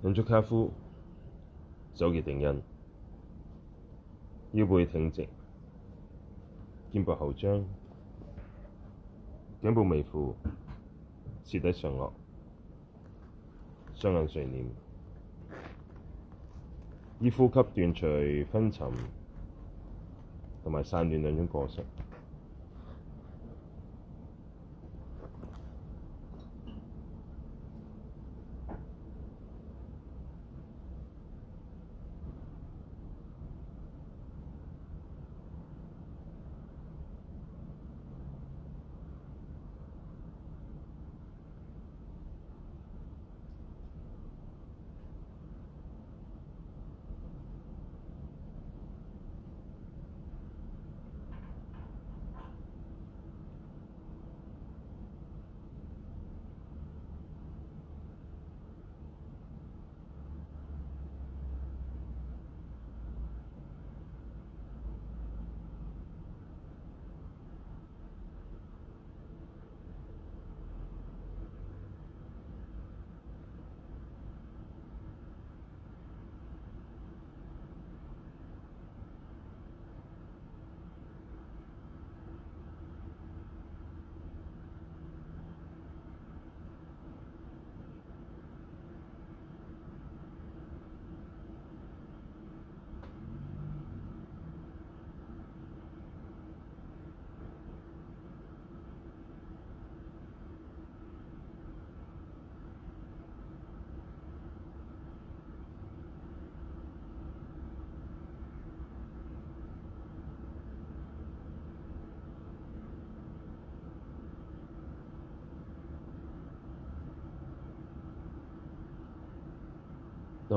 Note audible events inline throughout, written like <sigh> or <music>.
忍足卡呼，手結定印，腰背挺直，肩膊後張，頸部微負，舌抵上顎，雙眼垂簾，以呼吸斷除昏沉同埋散亂兩種過程。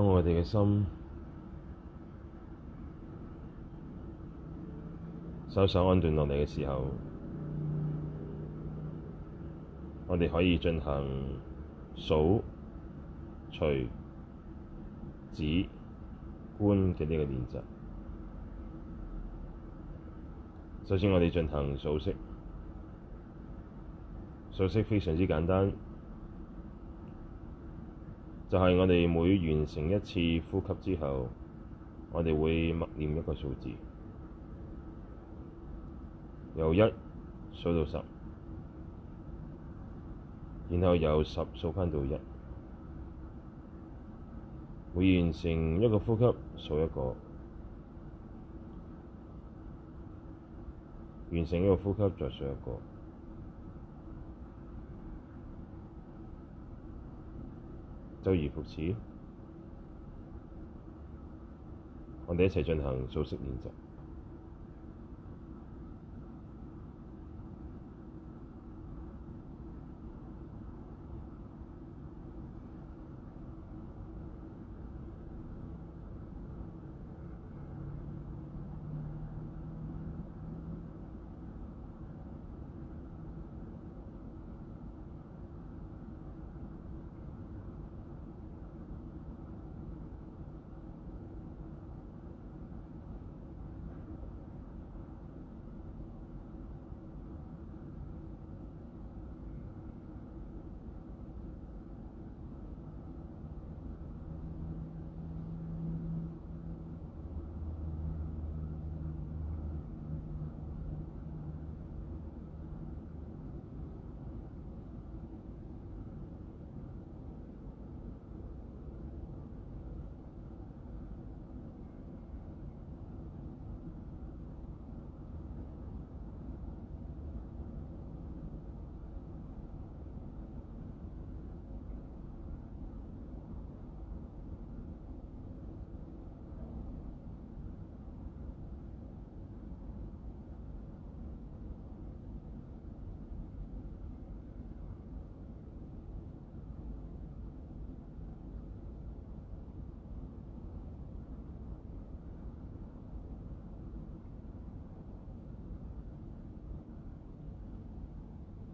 當我哋嘅心稍稍安頓落嚟嘅時候，我哋可以進行數、隨、止、觀嘅呢個練習。首先，我哋進行數息，數息非常之簡單。就係我哋每完成一次呼吸之後，我哋會默念一個數字，由一數到十，然後由十數翻到一。每完成一個呼吸數一個，完成一個呼吸再數一個。周而復始，我哋一齊進行數息練習。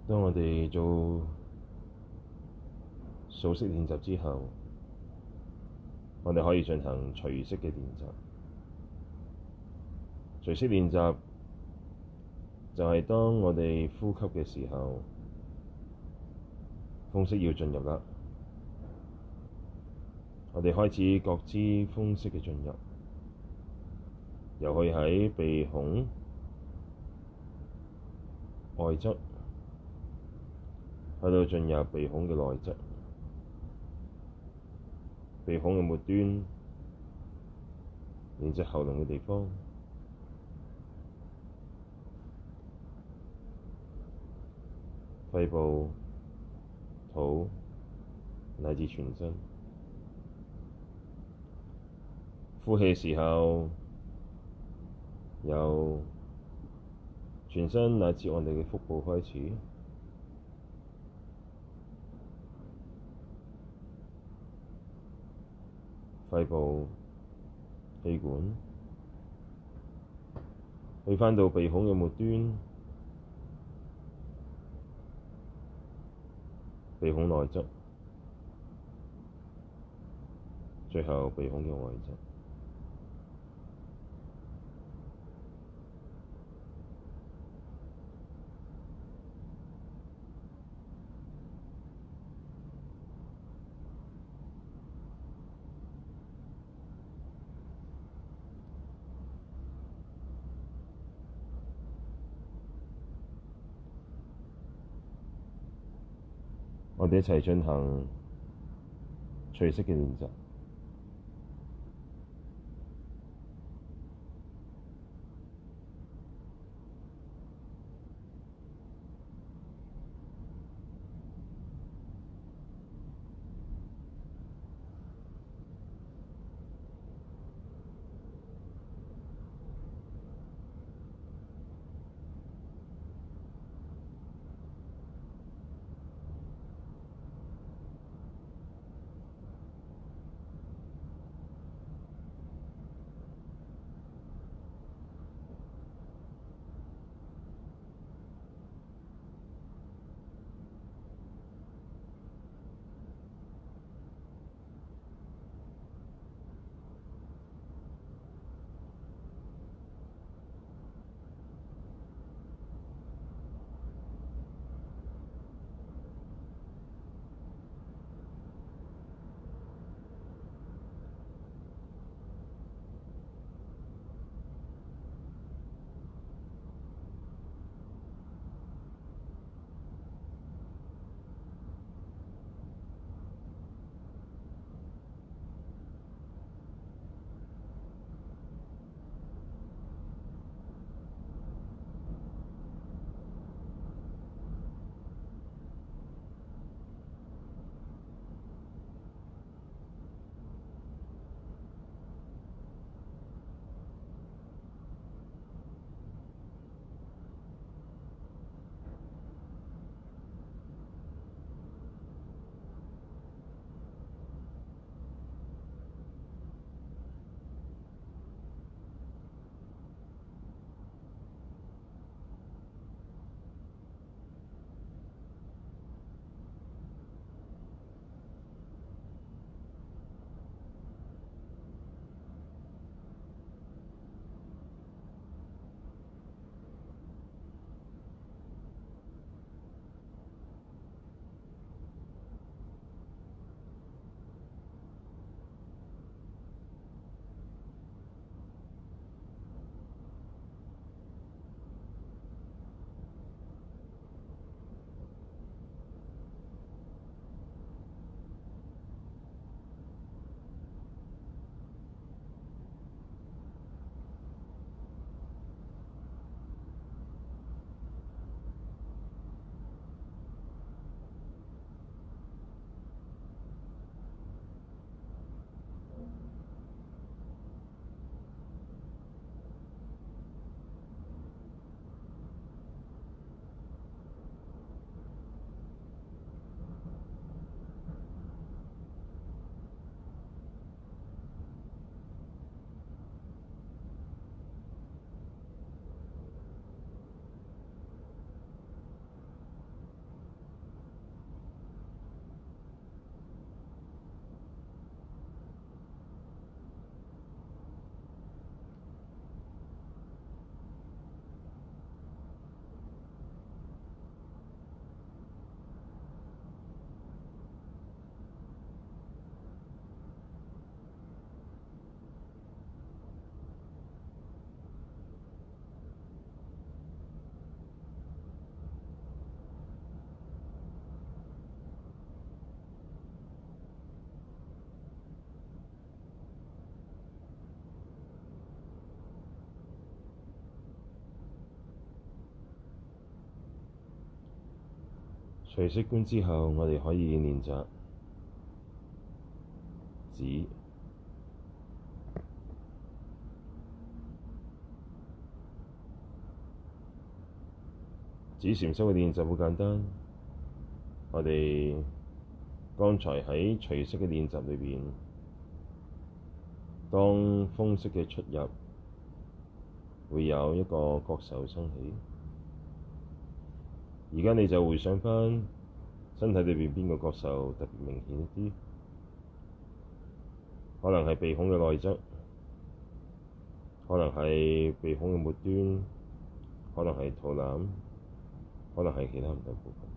當我哋做數息練習之後，我哋可以進行隨息嘅練習。隨息練習就係當我哋呼吸嘅時候，風息要進入喇。我哋開始覺知風息嘅進入，又可以喺鼻孔外側。喺度進入鼻孔嘅內側，鼻孔嘅末端，連接喉嚨嘅地方，肺部、肚，乃至全身。呼氣時候，由全身乃至我哋嘅腹部開始。肺部、氣管，去返到鼻孔嘅末端，鼻孔內側，最後鼻孔嘅外側。我哋一齊進行隨息嘅練習。隨息觀之後，我哋可以練習止，止禪修嘅練習好簡單。我哋剛才喺隨息嘅練習裏邊，當風息嘅出入會有一個覺受生起。而家你就回想返身體裏邊邊個角受特別明顯一啲，可能係鼻孔嘅內側，可能係鼻孔嘅末端，可能係肚腩，可能係其他唔同部分。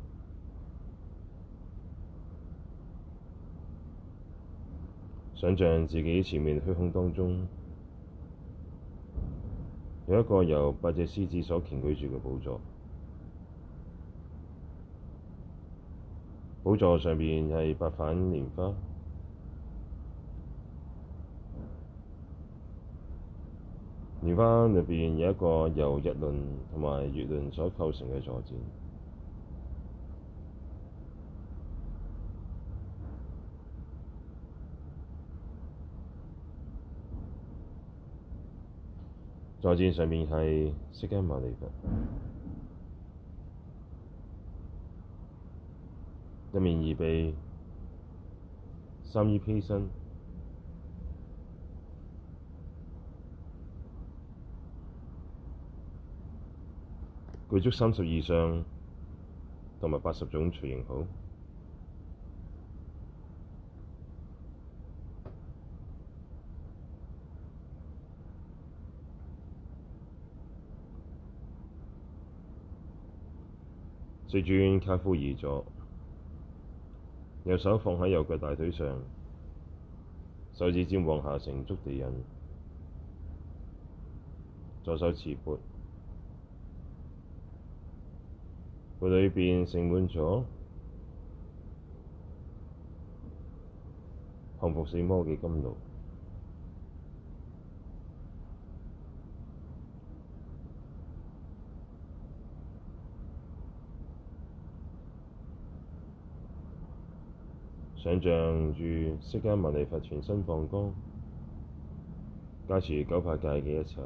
想象自己前面虛空當中有一個由八隻獅子所擎舉住嘅寶座，寶座上面係八瓣蓮花，蓮花入面有一個由日輪同埋月輪所構成嘅坐墊。再戰上面係釋迦牟尼佛， <music> 一面二臂，三衣披身，具 <music> 足三十二相，同埋八十種隨形好。轉轉，轉跏趺而坐，右手放喺右腳大腿上，手指尖往下成觸地印，左手持缽，缽裏邊盛滿咗降伏四魔嘅甘露。想象住釋迦牟尼佛全身放光，加持九法界嘅一切。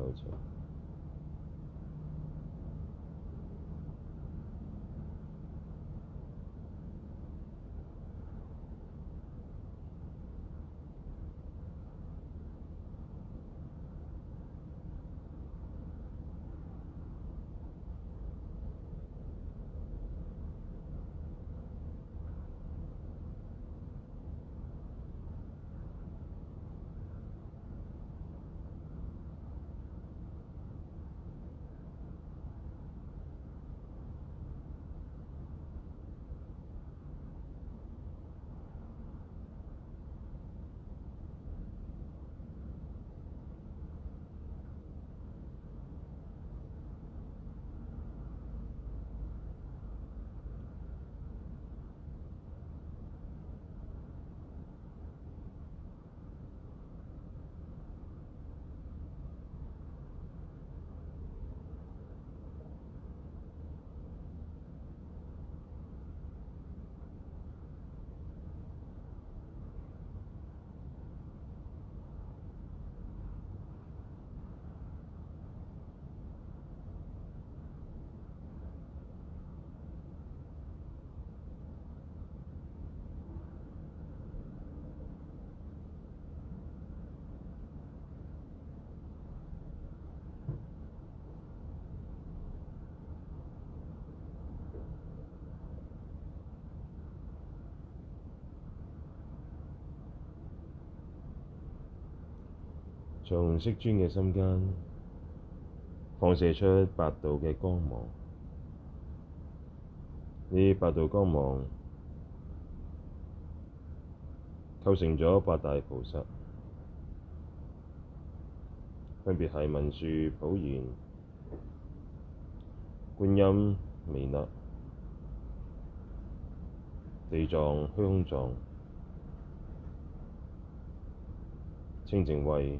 用色尊嘅心間放射出八道嘅光芒，呢八道光芒構成咗八大菩薩，分別係文殊、普賢、觀音、彌勒、地藏、虛空藏、清淨慧。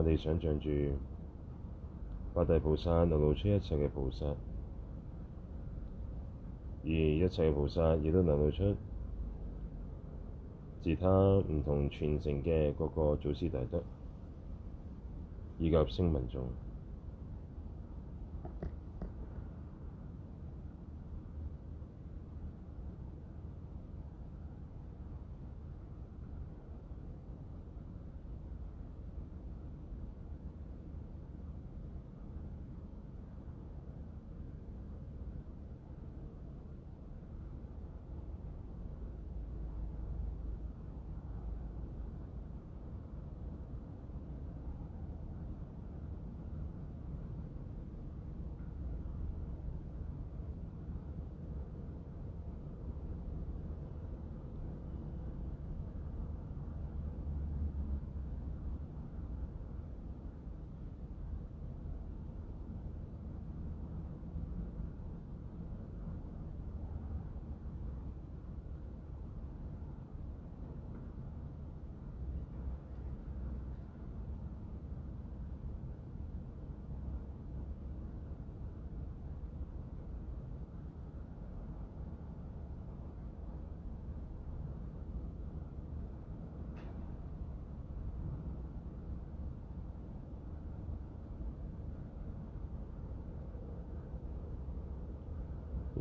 我哋想象住八大菩薩能露出一切嘅菩薩，而一切菩薩亦都能露出自他唔同傳承嘅各個祖師大德以及聲聞眾。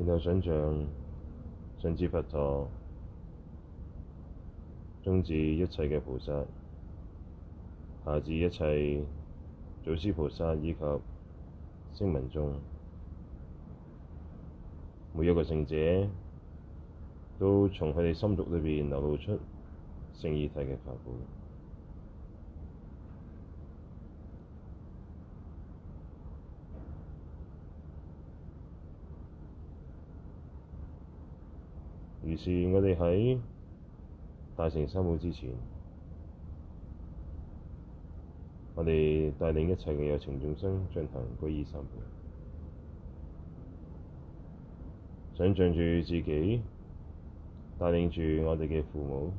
有想象，上至佛陀，中至一切嘅菩薩，下至一切祖師菩薩以及聲聞眾，每一個聖者都從佢哋心脈裏邊流露出聖意體嘅法寶。於是，我哋喺大乘三寶之前，我哋帶領一切嘅有情眾生進行皈依三寶。想像住自己帶領住我哋嘅父母，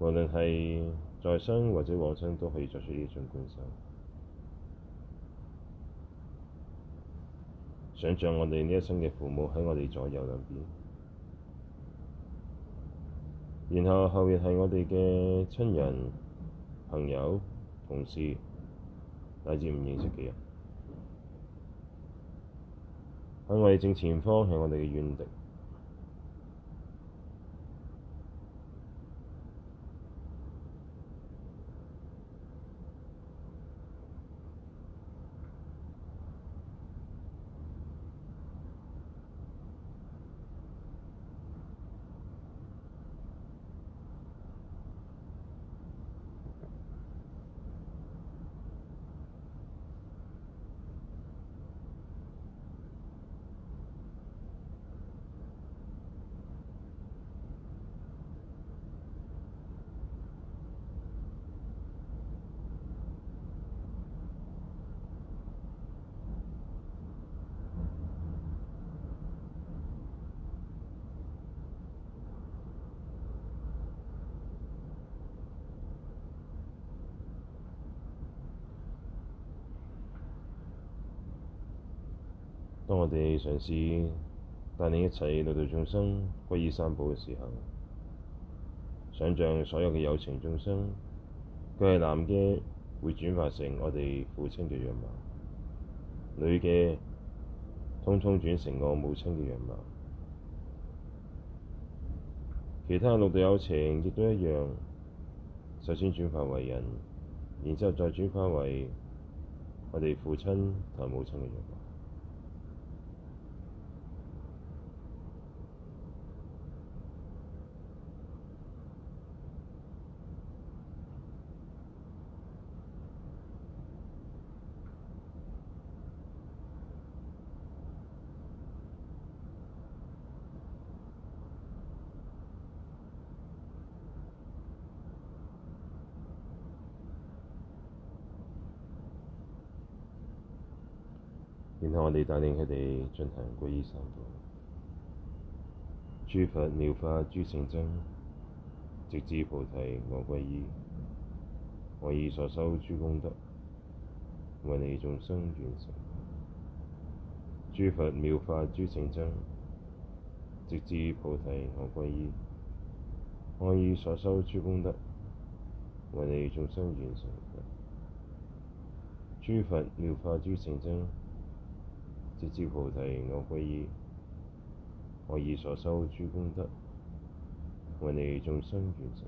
無論係在生或者往生，都可以作出呢種觀想。想像我哋呢一生嘅父母喺我哋左右兩邊。然後後面係我哋嘅親人、朋友、同事，乃至唔認識嘅人。喺我哋正前方，係我哋嘅怨敵。當我哋嘗試帶領一切六道眾生歸依三寶嘅時候，想像所有嘅有情眾生，佢係男嘅會轉化成我哋父親嘅樣貌，女嘅通通轉成我母親嘅樣貌，其他六道有情亦都一樣，首先轉化為人，然之後再轉化為我哋父親同母親嘅樣貌。我哋帶領佢哋進行皈依三度，諸佛妙法諸聖僧，直至菩提我皈依，我以所修諸功德為你眾生完成。諸佛妙法諸聖僧，直至菩提我皈依，我以所修諸功德為你眾生完成。諸佛妙法諸聖僧。 <music> <music> <music> <music> 直至菩提我歸依，我以所修諸功德為你眾生完成。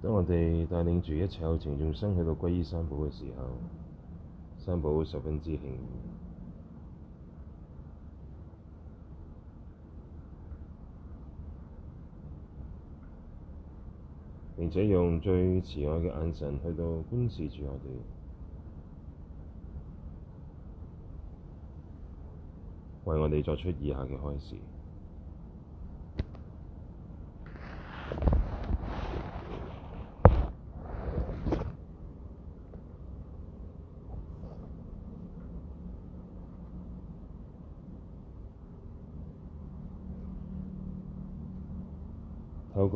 當我哋帶領住一切有情眾生去到皈依三寶嘅時候，三寶十分之興奮，並且用最慈愛嘅眼神去到觀視住我哋，為我哋作出以下嘅開示。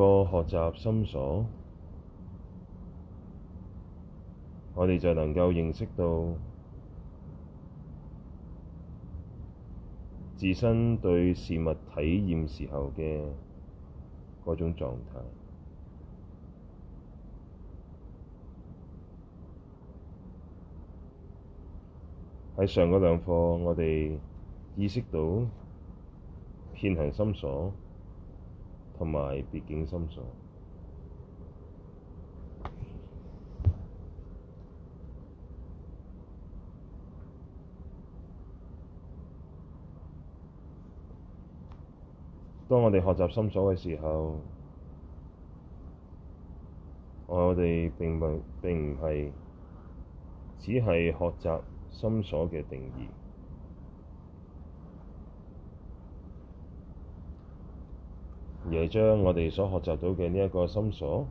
個學習心所，我哋就能夠認識到自身對事物體驗時候嘅嗰種狀態。喺上嗰兩課，我哋意識到遍行心所，同埋別境心所。當我哋學習心所嘅時候我，我哋並唔並唔係只係學習心所嘅定義，亦係將我哋所學習到嘅呢一個心所，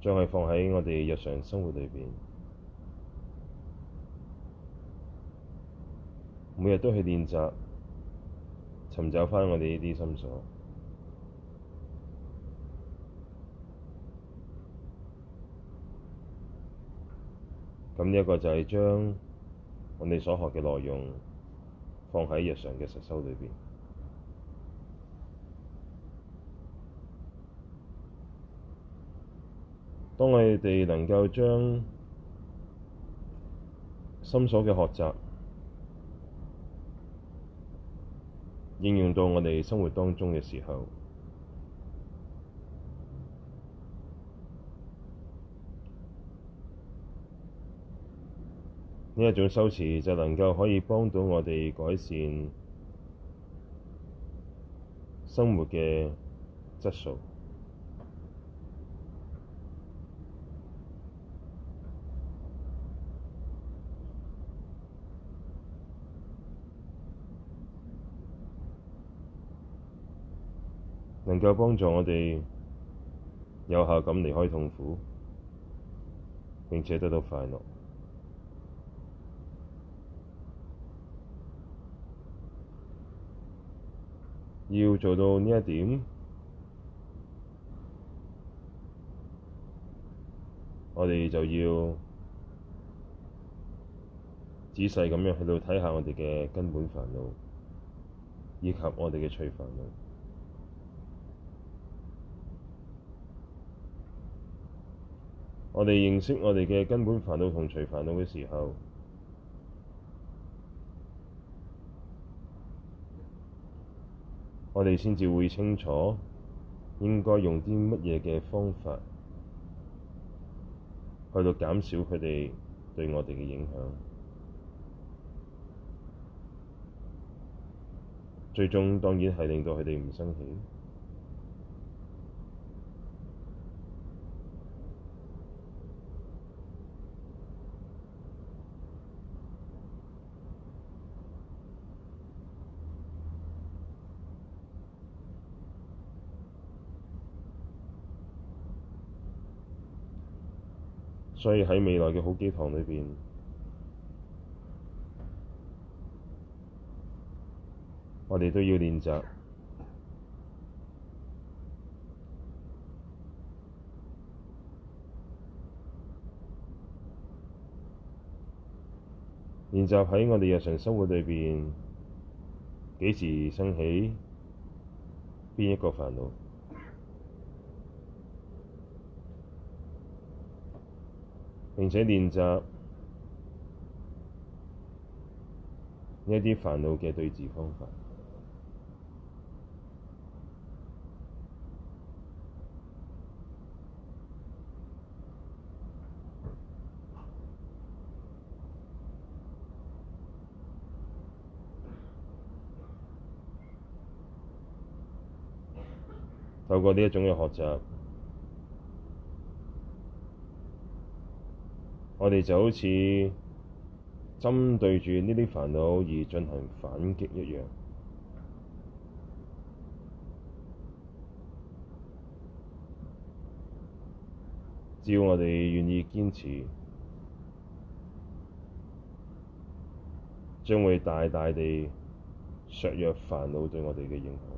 將佢放喺我哋日常生活裏邊，每日都去練習，尋找返我哋呢啲心所。咁呢一個就係將我哋所學嘅內容放喺日常嘅實修裏邊。當我哋能夠將心所嘅學習應用到我哋生活當中嘅時候，呢一種修持就能夠可以幫到我哋改善生活嘅質素。能夠幫助我哋有效咁離開痛苦，並且得到快樂。要做到呢一點，我哋就要仔細咁樣去到睇下我哋嘅根本煩惱，以及我哋嘅隨煩惱。我哋認識我哋嘅根本煩惱同除煩惱嘅時候，我哋先至會清楚應該用啲乜嘢嘅方法去到減少佢哋對我哋嘅影響。最終當然係令到佢哋唔生起。所以喺未來嘅好幾堂裏邊，我哋都要練習，練習喺我哋日常生活裏邊，幾時升起一個煩惱，邊個煩惱？並且練習呢啲煩惱嘅對治方法。透過呢一種嘅學習，我哋就好似針對住呢啲煩惱而進行反擊一樣，只要我哋願意堅持，將會大大地削弱煩惱對我哋嘅影響。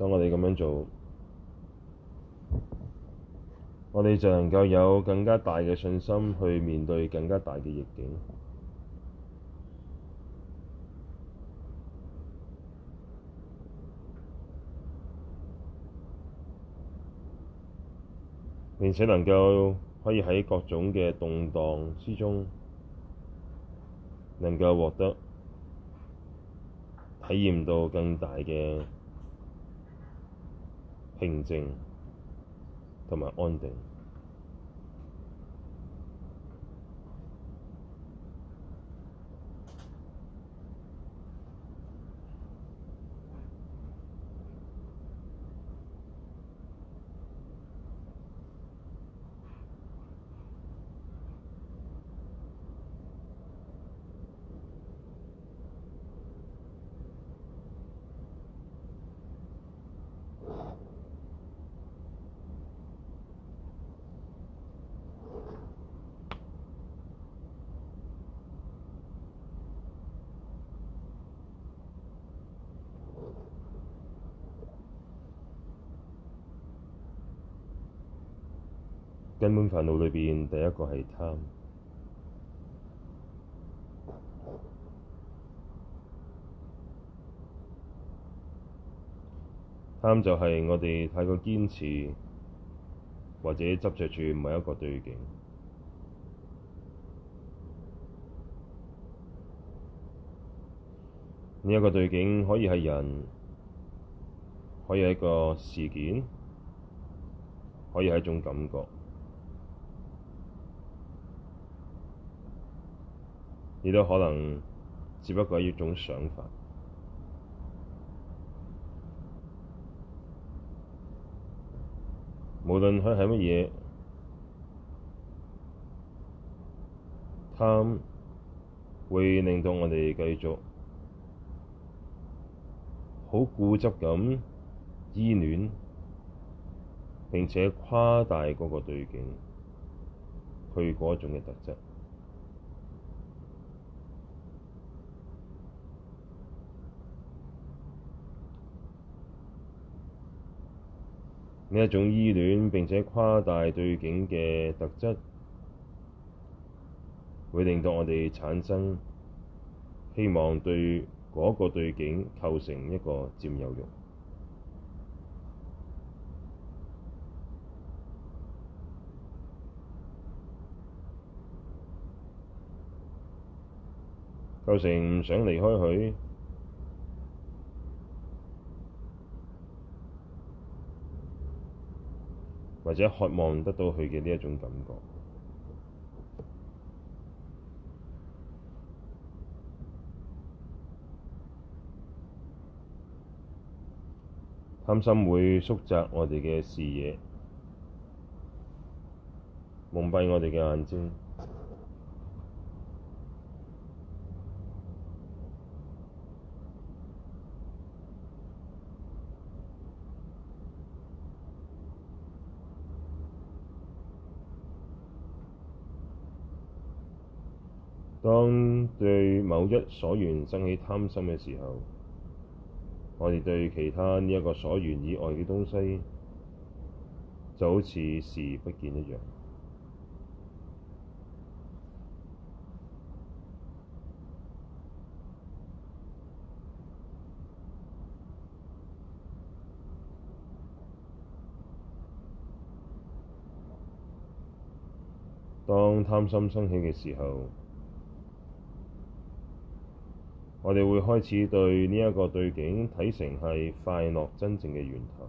當我哋咁樣做，我哋就能夠有更加大嘅信心去面對更加大嘅逆境，並且能夠可以喺各種嘅動盪之中，能夠獲得體驗到更大嘅平靜同埋安定。煩惱裏面第一個係貪，貪就係我哋太過堅持，或者執著住某一個對境。呢一個對境可以係人，可以係一個事件，可以係一種感覺。亦都可能只不過一種想法，無論佢係乜嘢，貪會令到我哋繼續好固執咁依戀，並且誇大嗰個對象佢嗰一種嘅特質。呢一種依戀並且誇大對境嘅特質，會令到我哋產生希望對嗰個對境構成一個佔有慾，構成唔想離開佢。或者渴望得到佢嘅呢一種感覺，貪心會縮窄我哋嘅視野，蒙蔽我哋嘅眼睛。當對某一所願生起貪心嘅時候，我哋對其他呢一個所願以外嘅東西，就好似視而不見一樣。當貪心生起嘅時候，我哋會開始對呢一個對境睇成係快樂真正嘅源頭。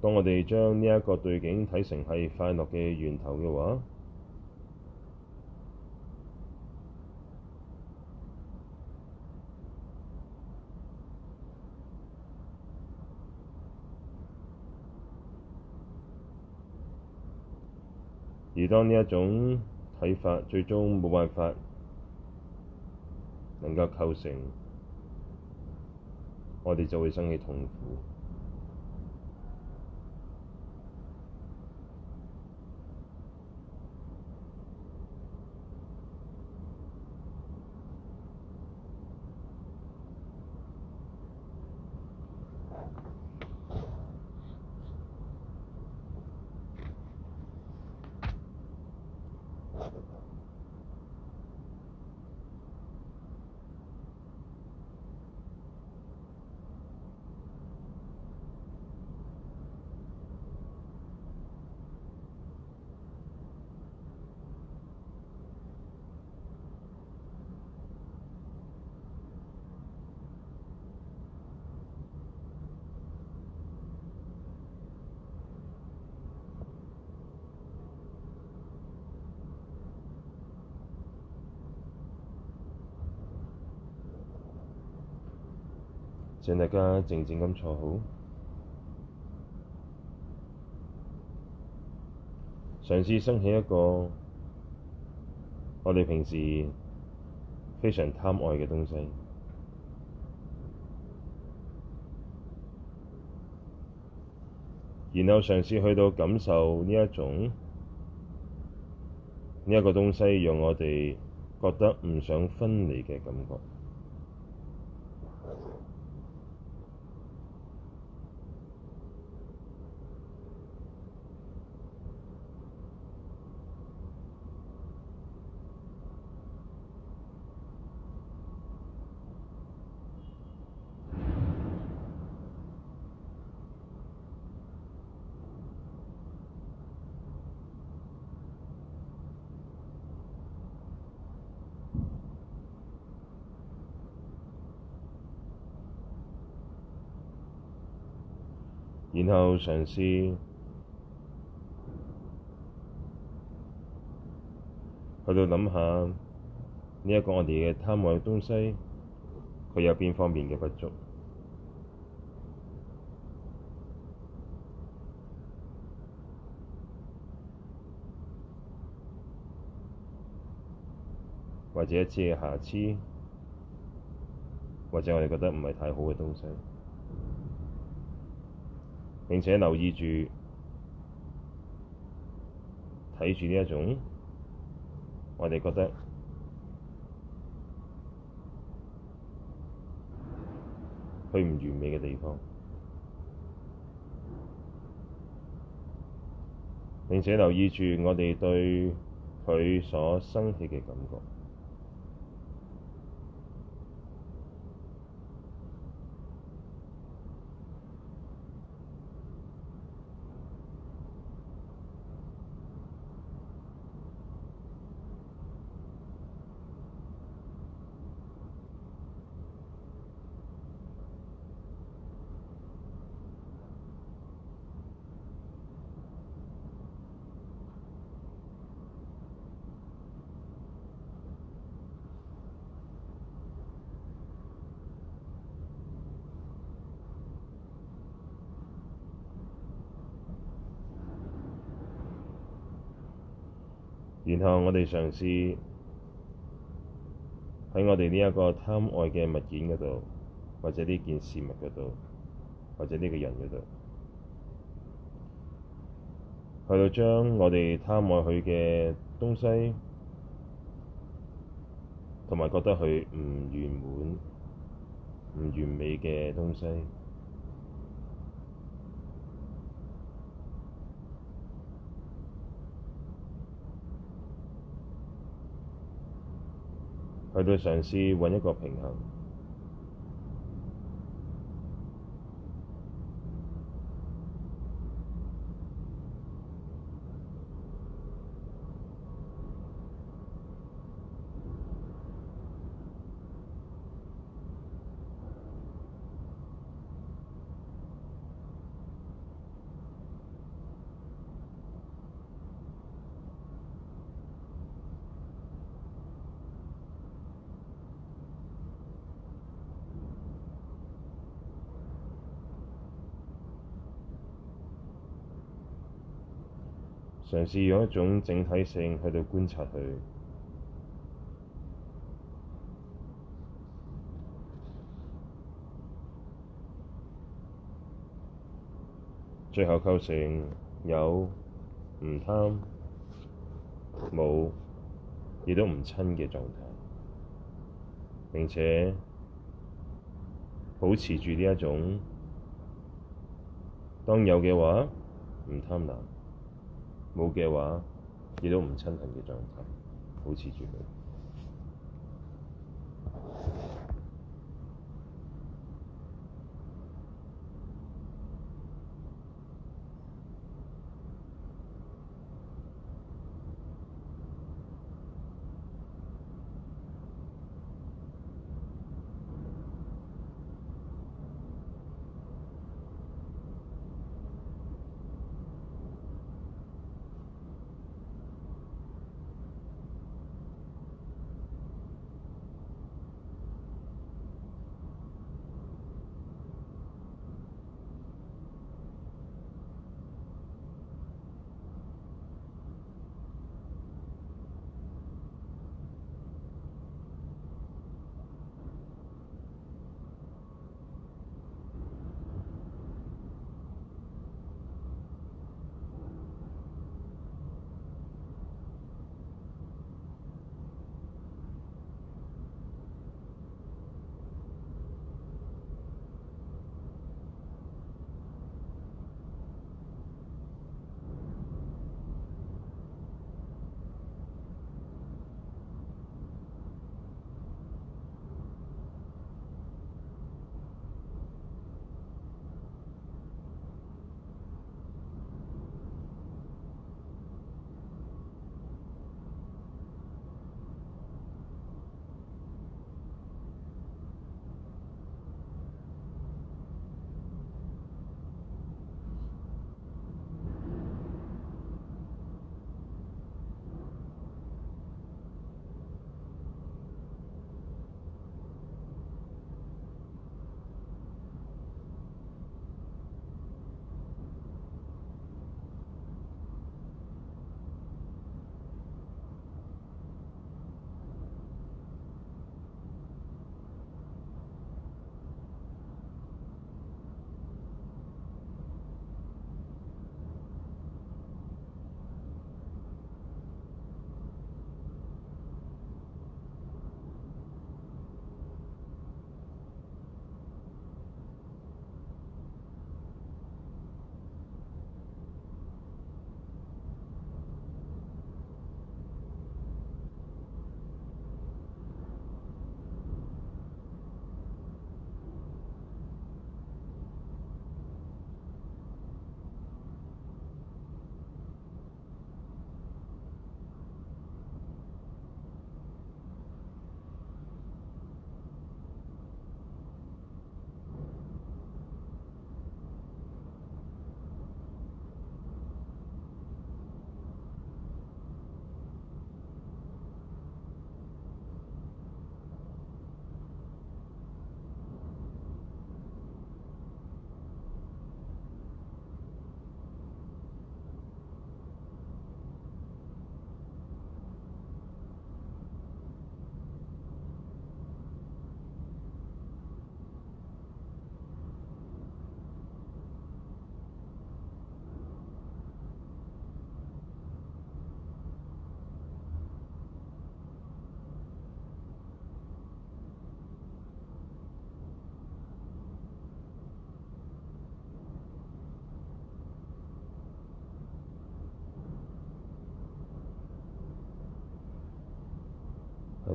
當我哋將呢一個對境睇成係快樂嘅源頭嘅話，而當呢一種睇法最終冇辦法能夠構成，我哋就會生起痛苦。請大家靜靜咁坐好，嘗試生起一個我哋平時非常貪愛嘅東西，然後嘗試去到感受呢一種呢一個東西，讓我哋覺得唔想分離嘅感覺。然後嘗試去到諗下呢一個我哋嘅貪愛嘅東西，佢有邊方面嘅不足，或者一次嘅瑕疵，或者我哋覺得唔係太好嘅東西。並且留意住，睇住呢一種，我哋覺得佢唔完美嘅地方。並且留意住我哋對佢所升起嘅感覺。我哋嘗試喺我哋呢一個貪愛嘅物件嗰度，或者呢件事物嗰度，或者呢個人嗰度，去到將我哋貪愛佢嘅東西，同埋覺得佢唔完滿、唔完美嘅東西。去到嘗試揾一個平衡。是用一種整體性喺度觀察佢，最後構成有唔貪冇，亦都唔親嘅狀態，並且保持住呢一種，當有嘅話唔貪婪。冇嘅話，亦都唔親近嘅狀態，保持住佢。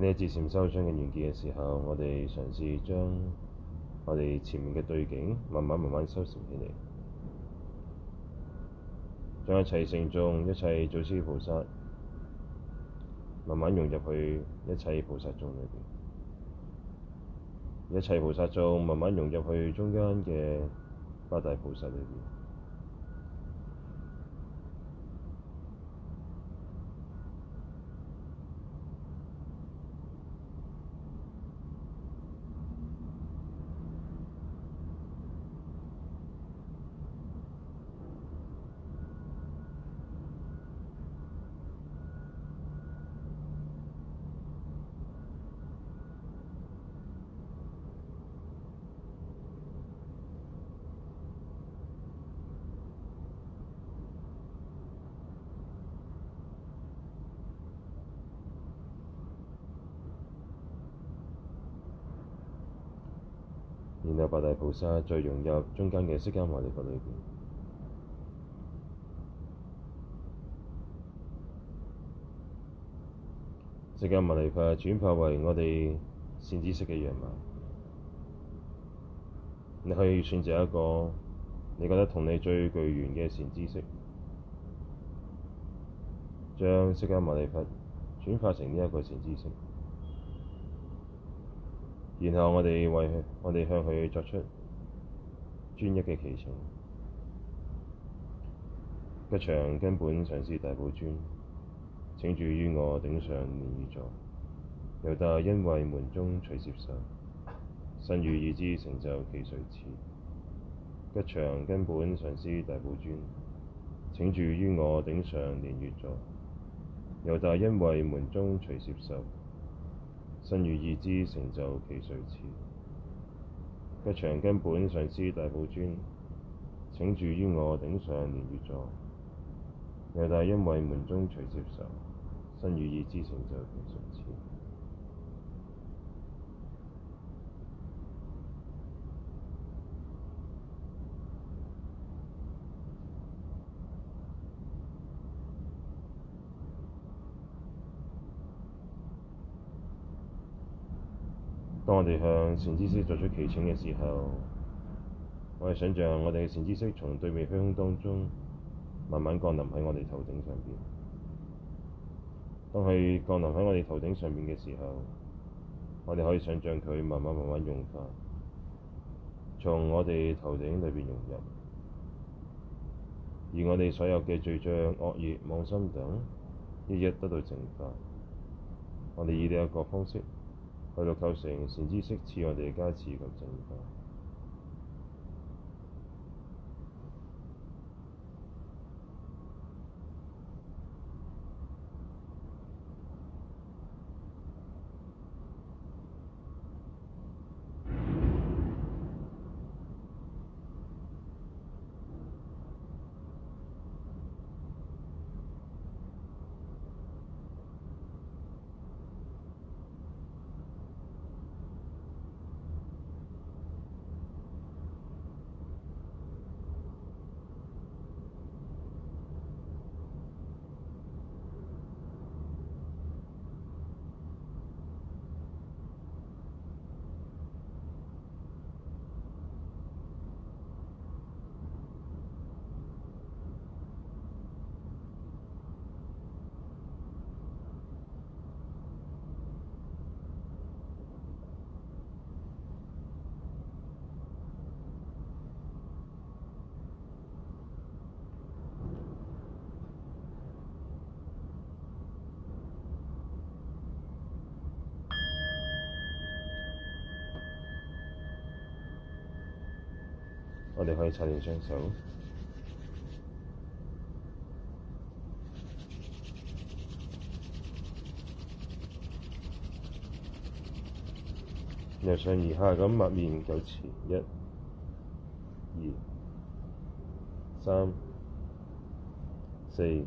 呢一節禪修將嘅完結嘅時候，我哋嘗試將我哋前面嘅對境慢慢慢慢修成起嚟，將一切聖眾、一切祖師菩薩慢慢融入去一切菩薩眾裏邊，一切菩薩眾慢慢融入去中間嘅八大菩薩裏面。菩薩再融入中間嘅釋迦牟尼佛裏邊，釋迦牟尼佛轉化為我哋善知識嘅樣貌。你可以選擇一個你覺得同你最具緣嘅善知識，將釋迦牟尼佛轉化成呢一個善知識。然後我哋為我哋向佢作出專一嘅祈求：吉祥根本上師大寶尊，請住於我頂上蓮月座，由大恩惠門中隨攝受，身語意之成就祈垂賜，吉祥根本上師大寶尊，請住於我頂上蓮月座，由大恩惠門中隨攝受。身如意支成就其誰似？吉祥根本上師大布尊，請住於我頂上年月座。又大因為門中隨接受，身如意支成就其誰？當我哋向善知識作出祈請嘅時候，我哋想像我哋嘅善知識從對面虛空當中慢慢降臨喺我哋頭頂上邊。當佢降臨喺我哋頭頂上邊嘅時候，我哋可以想像佢慢慢慢慢融化，從我哋頭頂裏邊融入，而我哋所有嘅罪障、惡業、妄心等，一一得到淨化。我哋以呢一個方式。去到構成善知識，似我哋階次及境界。我哋可以擦掂雙手，由上而下咁抹面就似一、二、三、四。